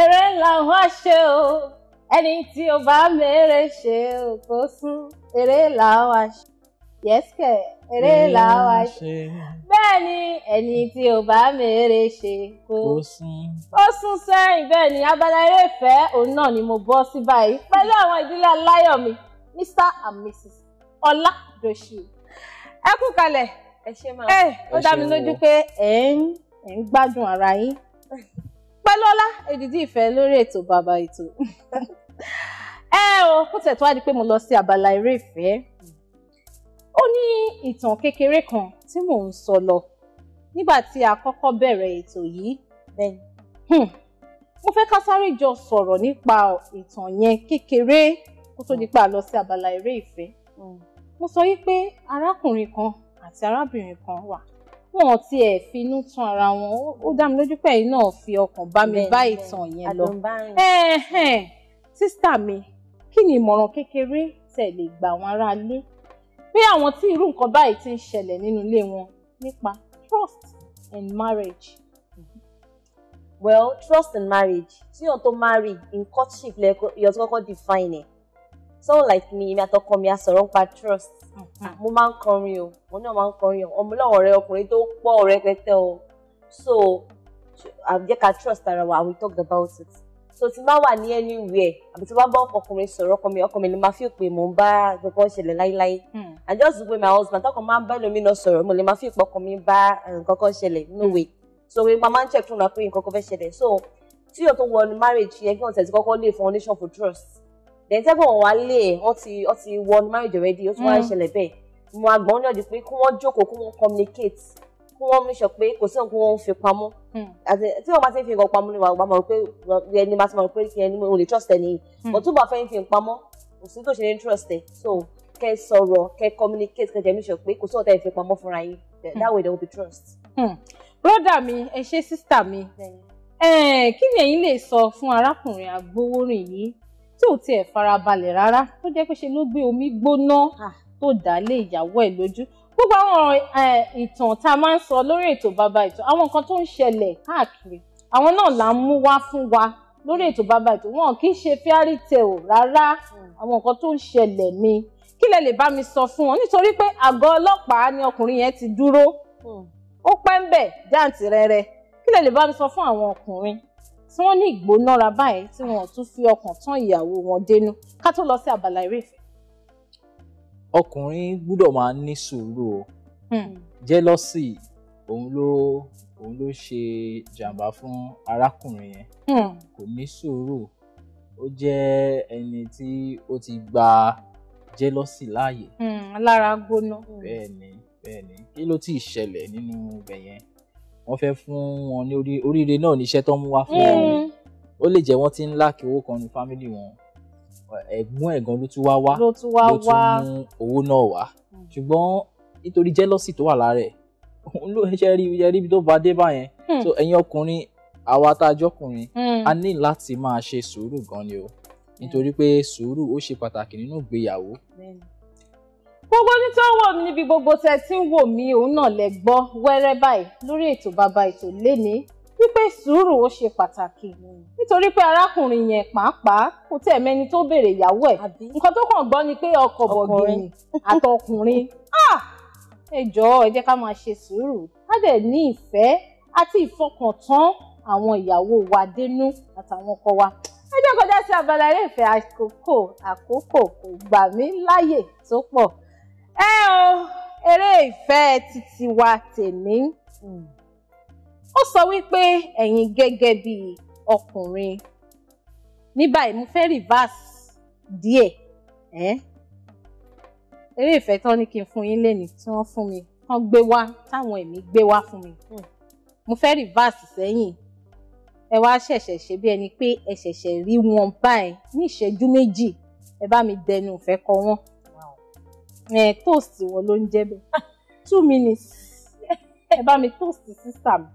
Ere ńlá wá ṣe o ẹni tí o bá mèrè ṣe o kò sún eré ńlá wá ṣe yẹ́sìkẹ̀ eré ńlá wá ṣe bẹ́ẹ̀ ni ẹni tí o bá mèrè ṣe kò sún ó sún sẹ́yìn bẹ́ẹ̀ ni abala eré òun náà ni mo bọ́ sí báyìí pẹ̀lú àwọn ìdílé aláyọ̀ mi Mr and Mrs Ọlá Dòṣì ẹ kú kalẹ̀ ẹ ṣe máa eh, ẹ ó dá mi lójú pé ẹ ń gbádùn ara yín. Ọpẹ́lọ́lá Èdìdì Ìfẹ́ lórí ètò bàbá ètò ẹ o kó tẹ̀ tó wá di pé mo lọ sí abala eré ìfẹ́ ó ní ìtàn kékeré kan tí mò ń sọ lọ nígbà tí a kọ́kọ́ bẹ̀rẹ̀ ètò yìí hmm, mo fẹ́ ká sáré jọ sọ̀rọ̀ nípa ìtàn yẹn kékeré kó tó di pé a lọ sí abala eré ìfẹ́ mo sọ yí pé arákùnrin kan àti arábìnrin kan wà wọn ti ẹ̀ finú tán ara wọn ó dá mi lójú pé ẹ̀yin náà fi ọkàn bá mi bá ìtàn yẹn lọ sísítà mi kí ni ìmọ̀ràn kékeré tẹ́ lè gbà àwọn aráalé pé àwọn tí irú nǹkan báyìí ti ń ṣẹlẹ̀ nínú ilé wọn nípa trust and marriage. well trust and marriage tí yóò tó marry in courtship yóò tó kọ́kọ́ define it So like me èmi àtọkọ mi a sọ̀rọ̀ nípa trust mm-hmm. mo máa ń kọrin o mo náà máa ń kọrin o ọmọ náà ọ̀rẹ́ ọkùnrin tó pọ̀ ọ̀rẹ́ pẹ́tẹ́ o so àjẹ́ ka trust ara wa we talk about it so tí bá wà ní anywhere àbí tí bá bá ọkùnrin sọ̀rọ̀ ọkọ mi ọkọ mi ni máa fi pé mò ń bá gbogbo ṣẹlẹ̀ láíláí mm. and just the way my husband tọkọ máa ń bá ẹlòmíì náà sọ̀rọ̀ mo lè máa fi pé mi bá nǹkan kan ṣẹlẹ̀ no way so we máa ń check fún wa pé nǹkan kan fẹ́ ṣẹlẹ̀ so tí yóò tó wọ marriage yẹn kí wọ́n tẹ̀sí kọ́kọ́ lè foundation for trust then tẹ́gbọ̀n wọn wá lé ẹ̀ e, wọ́n ti wọ́n ti wọ marriage already ó tún wá mm. ṣẹlẹ̀ bẹ́ẹ̀ mo àgbọ̀n náà di pé kí wọ́n jókòó kí wọ́n communicate kí wọ́n mú sọ pé kò sí nǹkan wọn fi pamọ́ àti mm. tí wọ́n bá ti ń fi nǹkan pamọ́ ni wàá máa pé ẹni máa ti máa pé ẹni mo lè trust ẹni yìí mm. but tó bá fẹ́ fi pamọ́ kò sí tó ṣe ní trust ẹ so kẹ sọ̀rọ̀ kẹ communicate kẹ jẹ́ mi sọ pé kò sí ọ̀tá ìfi fúnra that way there will be trust. broda mi ẹ ṣe sísítà mi kí ni ẹ̀yin lè sọ fún arákùnrin yìí tí ò tiẹ̀ farabalẹ̀ rárá tó jẹ́ pé ṣe ló gbé omi gbóná tó dà lé ìyàwó ẹ̀ lójú gbogbo àwọn ìtàn tá a máa ń sọ lórí ètò bàbá ètò àwọn nǹkan tó ń ṣẹlẹ̀ káàkiri àwọn náà là ń mú wá fún wa lórí ètò bàbá ètò wọn kì í ṣe fairy tale rárá hmm. àwọn nǹkan tó ń ṣẹlẹ̀ ni kí lẹ lè bá mi sọ fún wọn nítorí pé àgọ́ ọlọ́pàá ni ọkùnrin yẹn ti dúró hmm. ó pẹ́ ń bẹ̀ jáǹtì rẹ̀rẹ̀ kí lẹ lè bá mi sọ fún àwọn ọkùnrin tí wọ́n ní ìgbónára báyìí tí wọ́n tún fi ọkàn tán ìyàwó wọn dénú ká tó lọ sí abala eré ọkùnrin gbúdọ̀ máa ní sùúrù o hmm. jẹ́lọ́sì òun ló òun ló ṣe jàǹbá fún arákùnrin yẹn hmm. kò ní sùúrù ó jẹ́ ẹni tí ó ti gba jẹ́lọ́sì láàyè. Hmm, lára gbóná. bẹ́ẹ̀ni bẹ́ẹ̀ni kí ló ti ṣẹlẹ̀ nínú ibẹ̀ yẹn wọ́n fẹ́ fún wọn ní oríire náà níṣẹ́ tó ń wá fún wọn hmm. ó lè jẹ́ wọ́n ti ń láàkì owó kan ní fámìlì wọn ẹ̀gbọ́n ẹ̀gbọ́n ló tún wá wá ló tún wá wá ló tún mú owó náà wá hmm. ṣùgbọ́n nítorí jẹ́lọ́sì tó wà lára ẹ̀ òun ló ṣe rí ṣe rí ibi tó bá dé báyẹn hmm. so ẹ̀yin ọkùnrin àwa tá a jọkùnrin a ní láti máa ṣe sùúrù gan ni o nítorí pé sùúrù ó ṣe pàtàkì nínú ìgbéyàwó gbogbo ní tó ń wò mí níbi gbogbo tẹ́ tí ń wò mí òun náà lẹ gbọ́ wẹ́rẹ́ báyìí lórí ètò bàbá ètò lénìí wípé sùúrù ó ṣe pàtàkì nítorí pé arákùnrin yẹn pàápàá kò tẹ̀ mẹ́ni tó béèrè ìyàwó ẹ̀ nǹkan tó kàn gbọ́ ni pé ọkọ bọ̀gìnì àtọkùnrin ẹ jọ̀ọ́ ẹ jẹ́ ká máa ṣe sùúrù ká dẹ̀ ní ìfẹ́ àti ìfọkàntán àwọn ìyàwó wa dénú àtàwọn ọkọ wa ẹ jẹ́ kọjá sí abala ilé ìfẹ́ àkókò àkókò kò gbà mí láyè tó pọ̀ ẹ o eré ìfẹ́ títí wa tèmi hmm. ó sọ wípé ẹ̀yin gẹ́gẹ́ bí ọkùnrin ní báyìí mo fẹ́ reverse díẹ̀ ẹ́ eré ìfẹ́ tán ní kí n fún yín lẹ́ni tí wọ́n fún mi tán gbé wá táwọn ẹ̀mí gbé wá fún mi hmm. mo fẹ́ reverse sẹ́yìn ẹ wá ṣẹ̀ṣẹ̀ ṣe bí ẹni pé ẹ ṣẹ̀ṣẹ̀ rí wọn báyìí ní ìṣẹ́jú méjì ẹ bá mi dẹnu ìfẹ́ kọ wọ́n ẹ eh, toast wo ló ń jẹ ah, two minutes ẹ bá mi toast sísà mi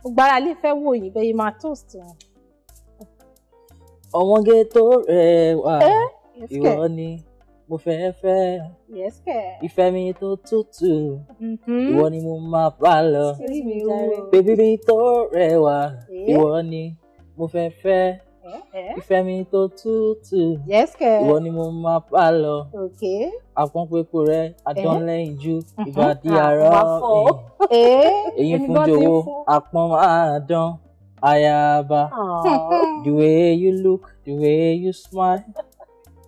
gbogbo ara lè fẹ́ wò yín bẹ́ẹ̀ máa toast wọn. ọmọge tó rẹwà eh, ìwọ ni mo Yes, fẹ́ ìfẹ́ mi tó tútù mm-hmm. ìwọ ni mo máa bá lọ bèbí mi oh. tó rẹwà eh? ìwọ ni mo fẹ́ fẹ́. Eh, eh? ìfẹ́ mi tó tútù ìwọ ni mo máa bá lọ àpọ́npẹ́pọ̀ rẹ adánlẹ́yìn ju eh? ìbàdí mm-hmm. ara èyí fún jọ̀wọ́ àpọ́n máa dán ayaba the way you look the way you smile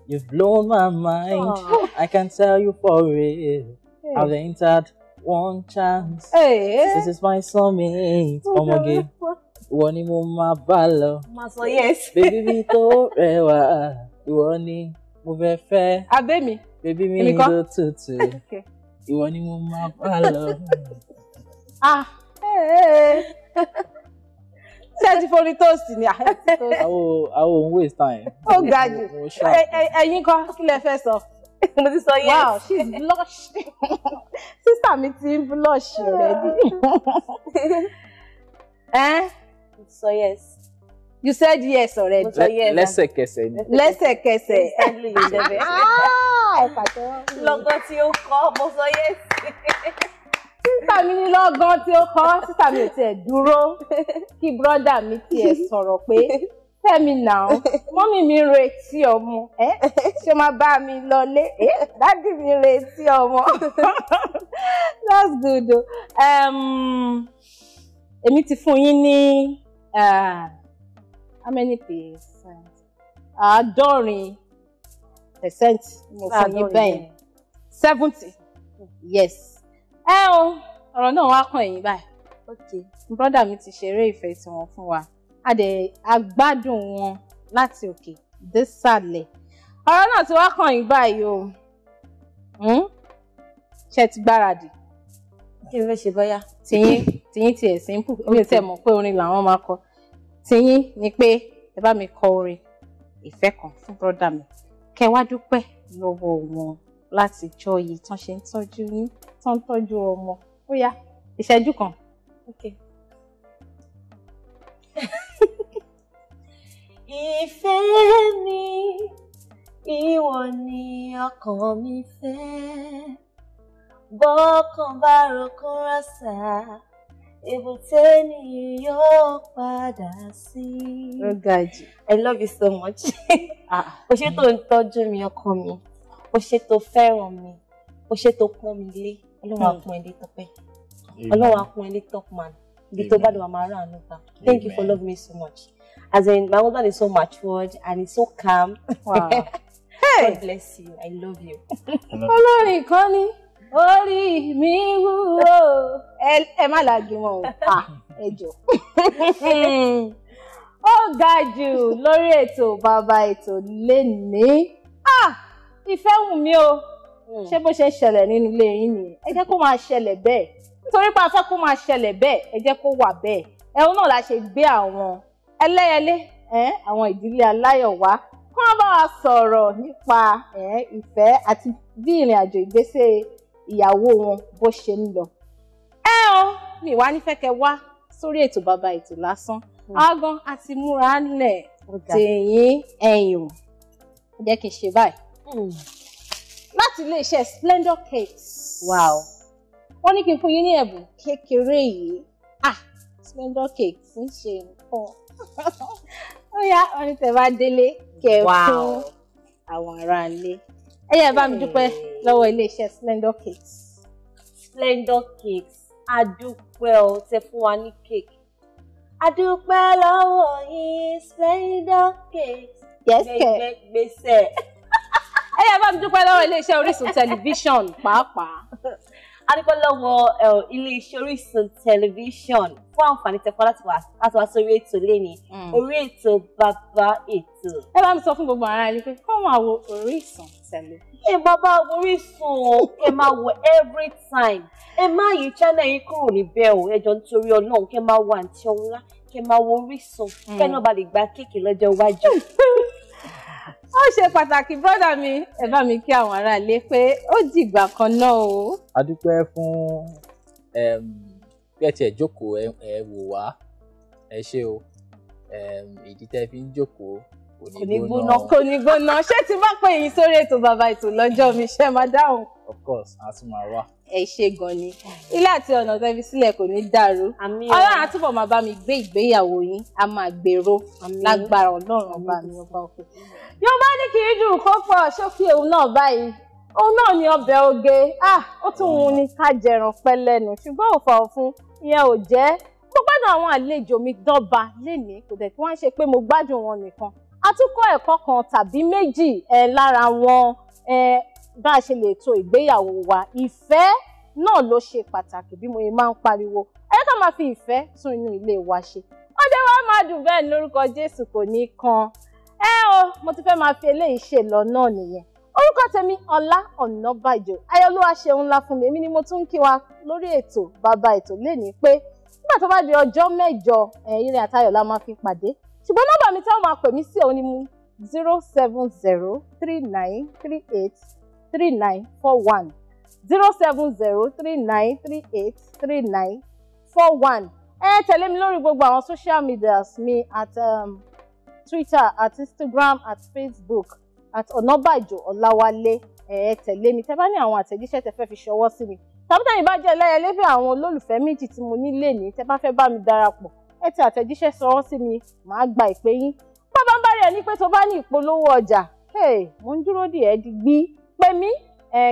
you've blown my mind i can tell you for real i've entered one chance this is my soulmate ọmọge ìwọ ni mo máa bá lọ. máa sọ yes. bèbí mi tó rẹwà ìwọ ni mo fẹ́ fẹ́. abẹ́ mi bèbí mi ló tutù ìwọ ni mo máa bá lọ. ah ṣẹ́ẹ̀tì forí tóòsì ni àwọn àwọn òun waste time. ó ga jù ẹ̀yin kan kí lẹ fẹ́ sọ mo ti sọ yes. wow she is blush sister mi ti ń blush already. Eh? So yes. You said yes already. Mo sọ yes. Lẹ́sẹ̀kẹsẹ̀ ni. Lẹ́sẹ̀kẹsẹ̀. Instantly you dey vex. Ẹ pàtẹ́wọ́. Lọ́gán tí ó kọ́, mo sọ yes. Sísà mi ní lọ́gán tí ó kọ́, sísà mi ò tiẹ̀ dúró kí bírọ́dà mi tiẹ̀ sọ̀rọ̀ pé Fẹ́mi náà, mọ́mì mi ń retí ọmọ. Ṣé o máa bá mi lọlé? Dádì mi retí ọmọ. That's good o. Èmi ti fún yín ní uh, how many percent àádọ́rin percent mo fún yín bẹ́ẹ̀ seventy yes ẹ o ọ̀rọ̀ náà wá kàn yín báyìí ok brọ́dà mi ti ṣeré ìfẹ́ tiwọn fún wa a dẹ̀ agbádùn wọn láti òkè dé sàlẹ̀ ọ̀rọ̀ náà ti wá kàn yín báyìí o hmm? ṣe ti gbáradì. kí n fẹ́ ṣe bọ́yá. tiyín tiyín tiẹ̀ simple omi ò tiẹ̀ mọ̀ pé orin làwọn máa kọ tiyín ni pé ẹ bá mi kọ orin ìfẹ́ kan fún brọ́dà mi kẹ wá dúpẹ́ lọ́wọ́ wọn láti jọ yìí tán ṣe ń tọ́jú yín tán ń ọmọ ó yá ìṣẹ́jú kan. ìfẹ́ mi ìwọ ni ọkàn mi fẹ́ bọ́kàn bá rokun rọ́ṣà. Ebute ni yóò padà sí. Ó ga jù. I love you so much. Ah, ṣe tó ń tọ́jú mi ọkọ mi, o tó fẹ́ràn mi, o ṣe tó pọ́n mi lé, Ọlọ́run á hmm. pọ́n tọ́pẹ́, Ọlọ́run á pọ́n ẹ lé tọ́pman, tó bá dùn àmọ́ ara àánú gbà. Thank you for loving me so much. As in, my husband is so matured and he's so calm. Wow. hey. God bless you. I love you. Olórin kan orí mi wú o ẹ má làágì wọn o ẹ jọ ó ga jù lórí ètò bàbá ètò lénìí ìfẹ́ wù mí o hmm. ṣé bó ṣe ń ṣẹlẹ̀ nínú ilé yín nìyẹn ẹ jẹ́ kó máa ṣẹlẹ̀ bẹ́ẹ̀ torí pé a fẹ́ kó máa ṣẹlẹ̀ bẹ́ẹ̀ ẹ jẹ́ kó wà bẹ́ẹ̀ ẹ̀hún náà la ṣe gbé àwọn ẹlẹ́yẹlé àwọn ìdílé aláyọ̀ wá kó wọ́n bá wa sọ̀rọ̀ nípa ìfẹ́ àti bí ìrìn àjò ìgbésẹ̀ ìyàwó wọn bó ṣe ń lọ. ẹ ọ mi wá nífẹ̀ẹ́ kẹ wá sórí ètò bàbá ètò lásán hmm. agan àti múra lẹ̀ tèyín ẹ̀yìn jẹ́ kí n ṣe báyìí. Hmm. láti iléeṣẹ́ Splendor Cakes. wow wọ́n ní kí n fún yín ní ẹ̀bùn kékeré yìí ah Splendor Cakes ń ṣe nǹkan ó yá wọ́n ní tẹ́ bá délé kẹ́ fún àwọn aráalé ẹyẹ bá mi dúpẹ́ lọ́wọ́ iléeṣẹ́ Splendor Cakes. Splendor Cakes adúpẹ́ o tẹ fún wa ní cake adúpẹ́ lọ́wọ́ yín Splendor Cakes gbẹgbẹgbẹsẹ. ẹyẹ bá mi dúpẹ́ lọ́wọ́ iléeṣẹ́ Orísun tẹlifíṣàn pàápàá adúpẹ́ lọ́wọ́ eh, iléeṣẹ́ Orísun tẹlifíṣọ̀n fún àǹfààní tẹ̀kọ́ láti wá sórí ètò lẹ́ni mm. orí ètò bàbá ètò. ẹ bá mi sọ fún gbogbo ara ẹni pé kọ́ máa wo Orísun tẹlifíṣọ̀n. ẹ bàbá Orísun o ẹ máa wo every time ẹ má yí channel yìí kúrò níbẹ̀ o ẹ jọ nítorí Ọlọ́run kẹ máa wo àǹtí ọ̀hún lá kẹ máa wo Orísun kẹ mm. náà bá lè gba kéèkì lọ́jọ́ iwájú. ó ṣe pàtàkì brọ́dà mi ẹ bá mi kí àwọn aráalé pé ó dìgbà kan náà o. a dúpẹ́ fún bí ẹ tiẹ̀ jókòó ẹ wò wá ẹ ṣé o ìdí tẹ́ fi ń jókòó kò ní gbóná kò ní gbóná ṣé tí bá pè yín sórí ètò bàbá ètò lọ́jọ́ mi ṣe máa dáhùn. of course a tún máa wá ẹ ṣe gan ni ilé àti ọ̀nà tẹ́fi sílẹ̀ kò ní dàrú ọlọ́run àtúbọ̀ máa bá mi gbé ìgbéyàwó yín a máa gbèrò lágbára ọlọ́run ọba mi ọba òkè. yorùbá ní kì í dùn kó pọ̀ sókè òun náà báyìí òun náà ni ọbẹ̀ oge ah, ó tún wù ní ká jẹran pẹ́ lẹ́nu ṣùgbọ́n òfà òfun ìyẹn ò jẹ́ mo gbádùn àwọn àlejò mi dọ́ba lénìí kò dẹ̀ kí wọ́n ṣe pé mo gbádùn wọn nìkan a ẹ̀kọ́ kan tàbí méjì lára wọn bá a ṣe lè to ìgbéyàwó wa ìfẹ́ náà ló ṣe pàtàkì bí mo yẹ máa ń pariwo ẹ ká máa fi ìfẹ́ tún inú ilé wa ṣe ọjọ́ wa máa dùn bẹ́ẹ̀ lórúkọ Jésù kò ní kan ẹ o mo ti fẹ́ máa fi eléyìí ṣe lọ náà nìyẹn orúkọ tèmi Ọlá Ọ̀nàbàjọ́ ayọ̀lúwa ṣe ńlá fún mi èmi ni mo tún ń kí wa lórí ètò bàbá ètò lénìí pé nígbà tó bá di ọjọ́ mẹ́jọ ẹ̀yìn rẹ̀ àtayọ̀ la máa fi pàdé ṣùgbọ́n nọ́mbà mi táwọn máa pè mí sí òun ni mo zero seven zero three nine three eight three nine four one zero seven zero three nine three eight three nine four one ẹ tẹ̀lé mi lórí gbogbo àwọn social medias mi at um, Twitter at Instagram at Facebook at Ọ̀nàbàjò Ọláwálé ẹ tẹ̀lé mi tẹ́ bá ní àwọn àtẹ̀jíṣẹ́ tẹ́ fẹ́ fi ṣọwọ́ sí mi tàbí tẹ́yìn bá jẹ́ ẹlẹ́yẹlẹ́fẹ́ àwọn olólùfẹ́ méjì tí mo ní lẹ́ni tẹ́ fẹ́ bá mi darapọ̀ ẹ ti àtẹ̀jíṣẹ́ sọwọ́ sí mi màá gba ìpè yín bàbá ń bá rẹ̀ ní pé tó bá ní ìpolówó ọjà mo ń dúró dè ẹ́ digbí pè mí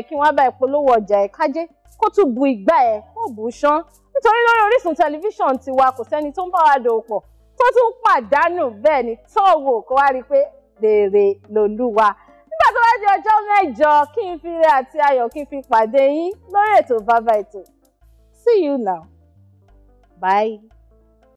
kí wọ́n bá ìpolówó ọjà ẹ̀ kájé kó tún bu ìgbà ẹ̀ kó bù ú ṣán nítorí lórí Orísun tẹlifíṣàn tiwa kò sẹ́ni tó ń bá wa dòwòpọ̀ tó tún pàdánù bẹ́ẹ̀ ni tọ́wò kó wá rí i pé rèrè lòlúwa nígbà tó bá di ọjọ́ mẹ́jọ kí n fi rẹ àti ayọ̀ kí n fi pàdé yín lórí ètò bàbá ètò see you now bye.